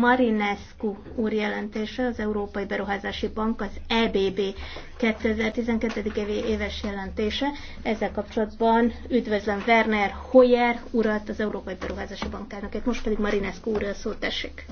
Marinescu úr jelentése, az Európai Beruházási Bank, az EBB 2012. éves jelentése. Ezzel kapcsolatban üdvözlöm Werner Hoyer urat, az Európai Beruházási Bank elnökét. Most pedig Marinescu úr a szót tessék.